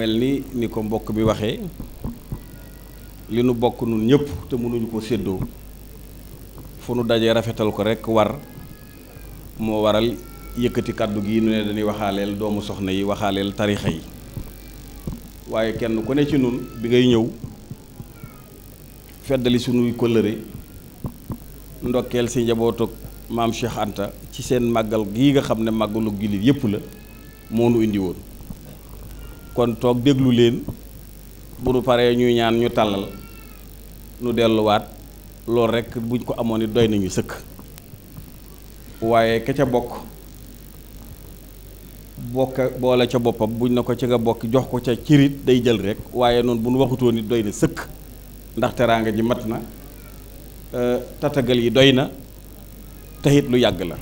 mel ni ni ko mbokk mi waxee li nu bokk nun ñëpp te mënuñu ko séddoo fu nu dajee rafetal ko rekk war moo waral yëkkati kàddu gi nu ne dañuy waxaaleel doomu soxna yi waxaaleel tarixa yi waaye kenn ku ne ci nun bi ngay ñëw feddali sunuy kóllëre ndokkeel si njabootug maam Cheikh Anta ci seen màggal gii nga xam ne màggalu jullit yépp la moo nu indi woon kon toog déglu leen bu nu paree ñuy ñaan ñu tàllal nu delluwaat loolu rekk buñ ko amoon it doy nañu sëkk waaye ka ca bokk bokk boole ca boppam buñ na ko ci nga bokk jox ko ca cirit day jël rekk waaye noonu bu nu waxutoon it doy na sëkk ndax teraanga ji mat na euh, tatagal yi doy na taxit lu yàgg la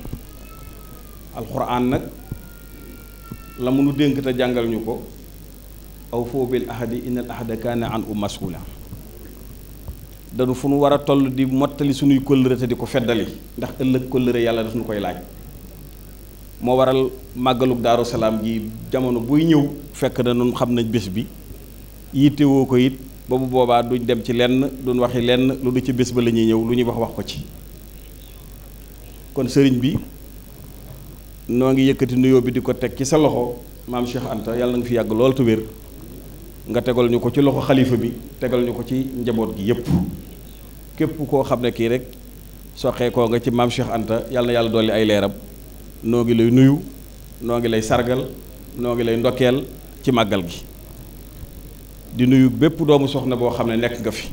alxuraan nag la mu nu dénk te jàngal ñu ko aw foo bil ahadi innal ahada kaana an u masula danu fu nu war a toll di mottali suñuy kóllëre te di ko feddali ndax ëllëg kóllëre yàlla daf nu koy laaj moo waral màggalug daaru salaam gi jamono buy ñëw fekk na nun xam nañ bés bi yittewoo ko it ba bu boobaa duñ dem ci lenn duñ waxi lenn lu du ci bés ba la ñuy ñëw lu ñuy wax wax ko ci kon sëriñ bi noo ngi yëkkati nuyoo bi di ko teg ci sa loxo maam Cheikh Anta yàlla na nga fi yàgg loolu te wér nga tegal ñu ko ci loxo xalifa bi tegal ñu ko ci njaboot gi yépp képp koo xam ne kii rek soxee koo nga ci maam Cheikh Anta yàlla na yàlla dolli ay leeram noo ngi lay nuyu noo ngi lay sargal noo ngi lay ndokkeel ci màggal gi di nuyu bépp doomu soxna boo xam ne nekk nga fi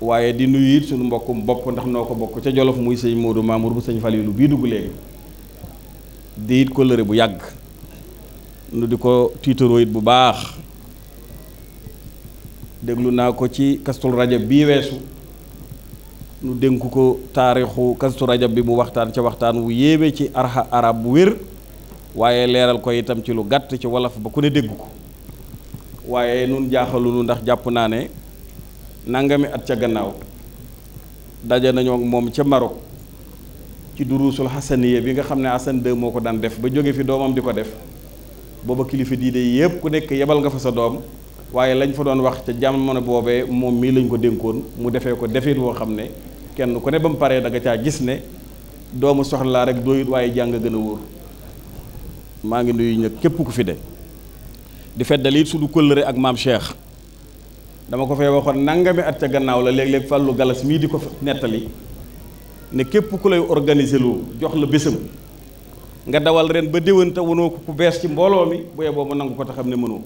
waaye di nuyu it suñu mbokkum bopp ndax noo ko bokk ca jolof muy sëñ moodu Mamour bu sëñ Falilou bii dugg léegi di it ko lëre bu yàgg nu di ko tiitaroo it bu baax déglu naa ko ci kastul rajab bii weesu lu dénk ko taarixu kastu rajab bi mu waxtaan ca waxtaan wu yéeme ci arxa arab bu wér waaye leeral ko itam ci lu gàtt ci wolof ba ku ne dégg ko waaye nun jaaxalunu ndax jàpp naa ne nangami at ca gannaaw daje nañoo ak moom ca Maroc ci duruusul xasaniya bi nga xam ne Hassan moo ko daan def ba jóge fi doomam di ko def booba kilifa diine yépp ku nekk yebal nga fa sa doom waaye lañ fa doon wax ca jamono boobee moom mii lañ ko dénkoon mu defee ko defit woo xam ne kenn ku ne ba mu paree da nga caa gis ne doomu soxlaa rek doyut waaye jàng gën a wóor maa ngi nuyu ñëpp képp ku fi de di feddali suñu kóllëre ak maam Cheikh dama ko fay waxoon nangami at ca gannaaw la léeg-léeg fàllu galas mii di ko nettali ne képp ku lay organiser lu jox la bésam nga dawal ren ba déwén te ko ku bees ci mbooloo mi bu yeboo mu nangu ko te xam ne mënoo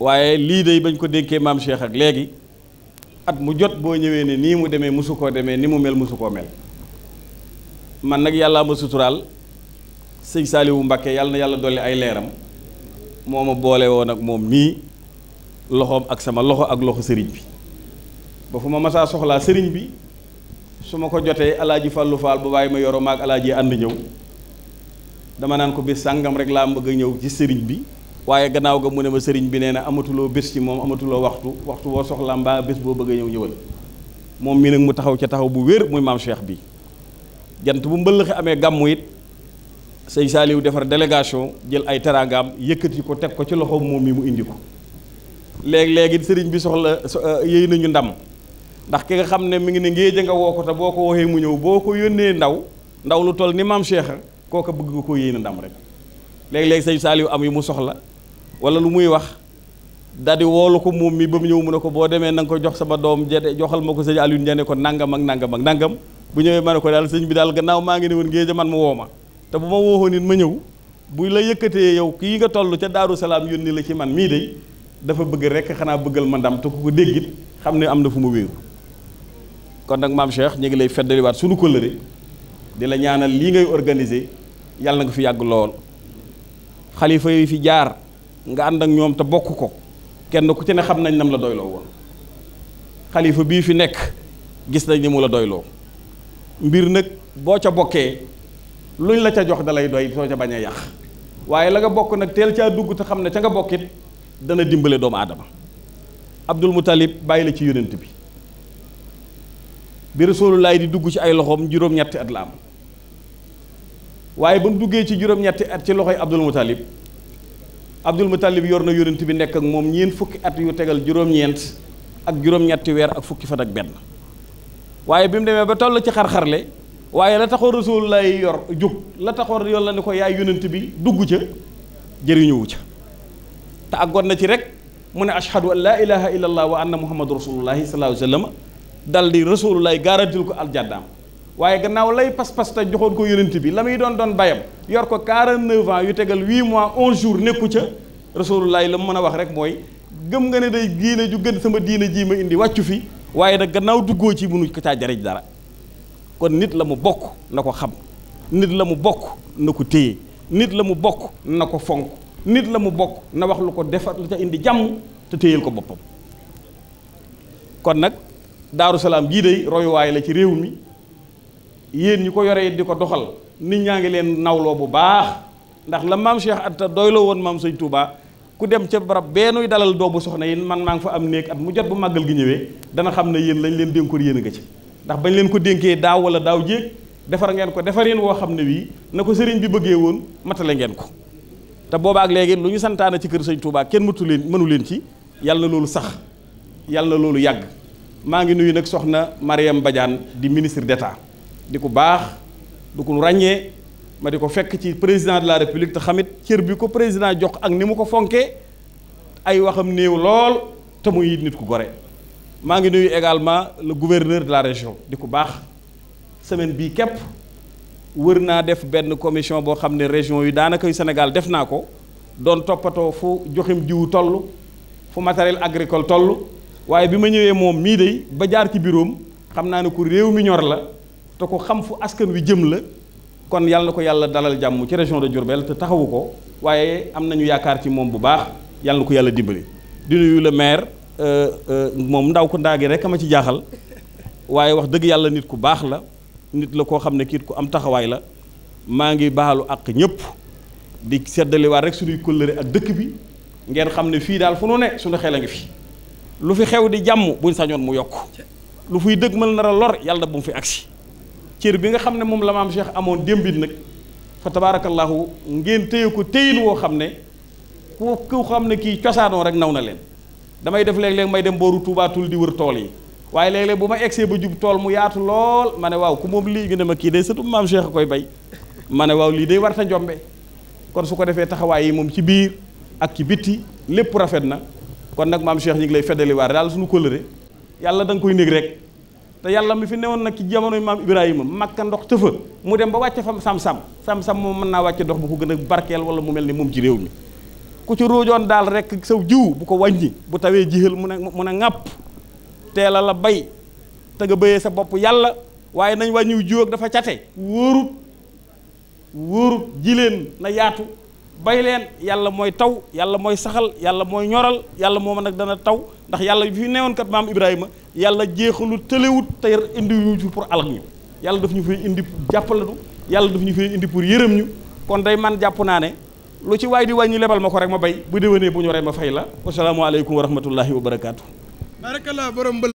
waaye lii day bañ ko dénkee maam Cheikh ak léegi at mu jot boo ñëwee ne nii mu demee mosu koo demee ni mu mel mosu koo mel man nag yàllaa ma suturaal sëñ Saaliwu Mbakke yàlla na yàlla dolli ay leeram moo ma boole woon ak moom mii loxoom ak sama loxo ak loxo sëriñ bi ba fu ma masaa soxlaa sëriñ bi su ma ko jotee alaaji fàllu faal ba bàyyi ma yoro maag alaaji ànd ñëw dama naan ko bis sàngam rek laa bëgg a ñëw ci sëriñ bi waaye gannaaw ga mu ne ma sëriñ bi nee na amatuloo bés ci moom amatuloo waxtu waxtu woo soxla mbaa bés boo bëgg a ñëw ñëwal moom mii nag mu taxaw ca taxaw bu wér muy maam Cheikh bi jant bu mbëllëxi amee gàmmu it sëñ Saaliw defar délégation jël ay teraangaam yëkkati ko teg ko ci loxo moom mi mu indi ko léeg-léeg it sëriñ bi soxla euh, yëy nañu ndam ndax ki nga xam ne mi ngi ne ngéej nga woo ko te boo ko waxee mu ñëw boo ko yónnee ndaw ndaw lu toll ni maam Cheikh kooka bëgg ko yéy ndam rek léeg-léeg sëñ Saaliw am yi mu soxla wala lu muy wax daal di woolu ko moom mi ba mu ñëw mu ne ko boo demee na nga ko jox sama doom jede joxal ma ko sëñ Alioune Ndiaye ne ko nangam ak nangam ak nangam bu ñëwee ma ne ko daal sëñ bi daal gannaaw maa ngi ne woon géej man mu woo ma te bu ma wooxoon nit ma ñëw bu la yëkkatee yow kii nga toll ca Daaru Salaam yónni la ci man mii de dafa bëgg rek xanaa bëggal ma ndam te ku ko déggit xam ne am na fu ma wéeru kon nag maam Cheikh ñu ngi lay feddaliwaat sunu kóllëre di la ñaanal lii ngay organiser yàlla nga fi yàgg lool xalifa yi fi jaar. nga ànd ak ñoom te bokk ko kenn ku ci ne xam nañ nam la doyloo woon xalifa bii fi nekk gis nañ ni mu la doyloo mbir nag boo ca bokkee luñ la ca jox dalay doy soo ca bañ a yàq waaye la nga bokk nag teel caa dugg te xam ne ca nga bokkit dana dimbale doomu aadama Abdul Muttalib bàyyi la ci yonent bi bi Rasulullaay di dugg ci ay loxoom juróom-ñetti at la am waaye ba mu duggee ci juróom-ñetti at ci loxoy Abdul Muttalib Abdul Muttalib yor na yonent bi nekk ak moom ñeent fukki at yu tegal juróom-ñeent ak juróom-ñetti weer ak fukki fan ak benn waaye bi mu demee ba toll ci xar-xarle waaye la taxoon rasulullah yor jóg la taxoon la ne ko yaay yonent bi dugg ca jëriñuwu ca te àggoon na ci rek mu ne ashhadu an laa ilaha illallah wa anna muhammadu rasulullahi sallallahu alayhi wa sallam dal di rasulullah gaarantil ko aljàddaam waaye gannaaw lay pas-pas te joxoon ko yonent bi la muy doon doon bayam yor ko 49 ans yu tegal 8 mois 11 jours nekku ca rasulullah la mu mën a wax rek mooy gëm nga ne day diine ju gën sama diine ji ma indi wàccu fi waaye nag gannaaw duggoo ci mënu ko caa jariñ dara kon nit la mu bokk na ko xam nit la mu bokk na ko téye nit la mu bokk na ko fonk nit la mu bokk na wax lu ko defar lu ca indi jàmm te téyel ko boppam kon nag daaru salaam jii day royuwaay la ci réew mi yéen ñi ko yore it di ko doxal nit ñaa ngi leen nawloo bu baax ndax la maam Cheikh dooy la woon maam sëñ Touba ku dem ca barab beenuy dalal doo bu soxna yi man maa ngi fa am néeg at mu jot bu màggal gi ñëwee dana xam ne yéen lañ leen dénkoon yéen a nga ci ndax bañ leen ko dénkee daaw wala daaw jéeg defar ngeen ko defarin woo xam ne wii na ko sëriñ bi bëggee woon matale ngeen ko te boobaak léegi lu ñu santaana ci kër sëñ Touba kenn mëtu leen mënu leen ci yàlla na sax yàlla loolu yàgg maa ngi nuyu nag soxna Mariam Badiane di ministre d'État di ku baax du ku ràññee ma di ko fekk ci président de la république te xamit cër bi ko président jox ak ni mu ko fonkee ay waxam néew lool te muy nit ku gore maa ngi nuyu également le gouverneur de la région di ku baax semaine bii képp wër naa def benn commission boo xam ne région yi daanaka Sénégal def naa ko doon toppatoo fu joxim jiw toll fu matériel agricole toll waaye bi ma ñëwee moom mii day ba jaar ci biroom xam naa ne ku réew mi ñor la te ko xam fu askan wi jëm la kon yàlla ko yàlla dalal jàmm ci région de Diourbel te taxawu ko waaye am nañu yaakaar ci moom bu baax yàlla ko yàlla dimbali di nuyu le euh, euh, moom ndaw ko ndaa gi rek ma ci jaaxal waaye wax dëgg yàlla nit ku baax la nit la koo xam ne kiit ku am taxawaay la maa ngi baalu àq ñépp di seddaliwaat rek suñuy kóllëre ak dëkk bi ngeen xam ne fii daal fu nu ne suñu xel a ngi fi lu fi xew di jàmm buñ sañoon mu yokk lu fuy dëgg mën na a yàlla bu fi agsi cër bi nga xam ne moom la am Cheikh amoon démbit nag fa tabaarakallaahu ngeen téye ko téyin woo xam ne ku ku xam ne kii cosaanoo rek naw na leen damay def léeg-léeg may dem booru tuubaatul di wër tool yi waaye léeg-léeg bu ma egsee ba jub tool mu yaatu lool ma ne waaw ku moom lii nga ne ma kii day sëtu maam a koy bay ma ne waaw lii day warta njombe kon su ko defee taxawaay yi moom ci biir ak ci bitti lépp rafet na kon nag maam Cheikh ñu ngi lay feddali waar daal suñu yàlla da koy néeg rek te yàlla mi fi newoon nag ci jamonoy maam Ibrahima makka ndox tëfa mu dem ba wàcce fa sam-sam sam-sam moom mën naa wàcce ndox bu ko gën a barkeel wala mu mel ni moom ci réew mi ku ci ruujoon daal rek saw jiw bu ko wàññi bu tawee jihal mu ne mu ne ŋàpp teel a la bay te nga béyee sa bopp yàlla waaye nañ wàññiw jiw ak dafa cate wóorut wóorut jileen na yaatu bay leen yàlla mooy taw yàlla mooy saxal yàlla mooy ñoral yàlla moo moom nag dana taw ndax yàlla fi newoon kat maam Ibrahima yàlla jeexalu tëlewut te indi ñu fi pour alal ñu yàlla daf ñu fay indi jàppale nu yàlla daf ñu fay indi pour yërëm ñu kon day man jàpp naa ne lu ci waay di wàññi lebal ma ko rek ma bay bu déwénee bu ñoree ma fay la wasalaamualeykum wa rahmatullahi wa barakaatu. barakallah borom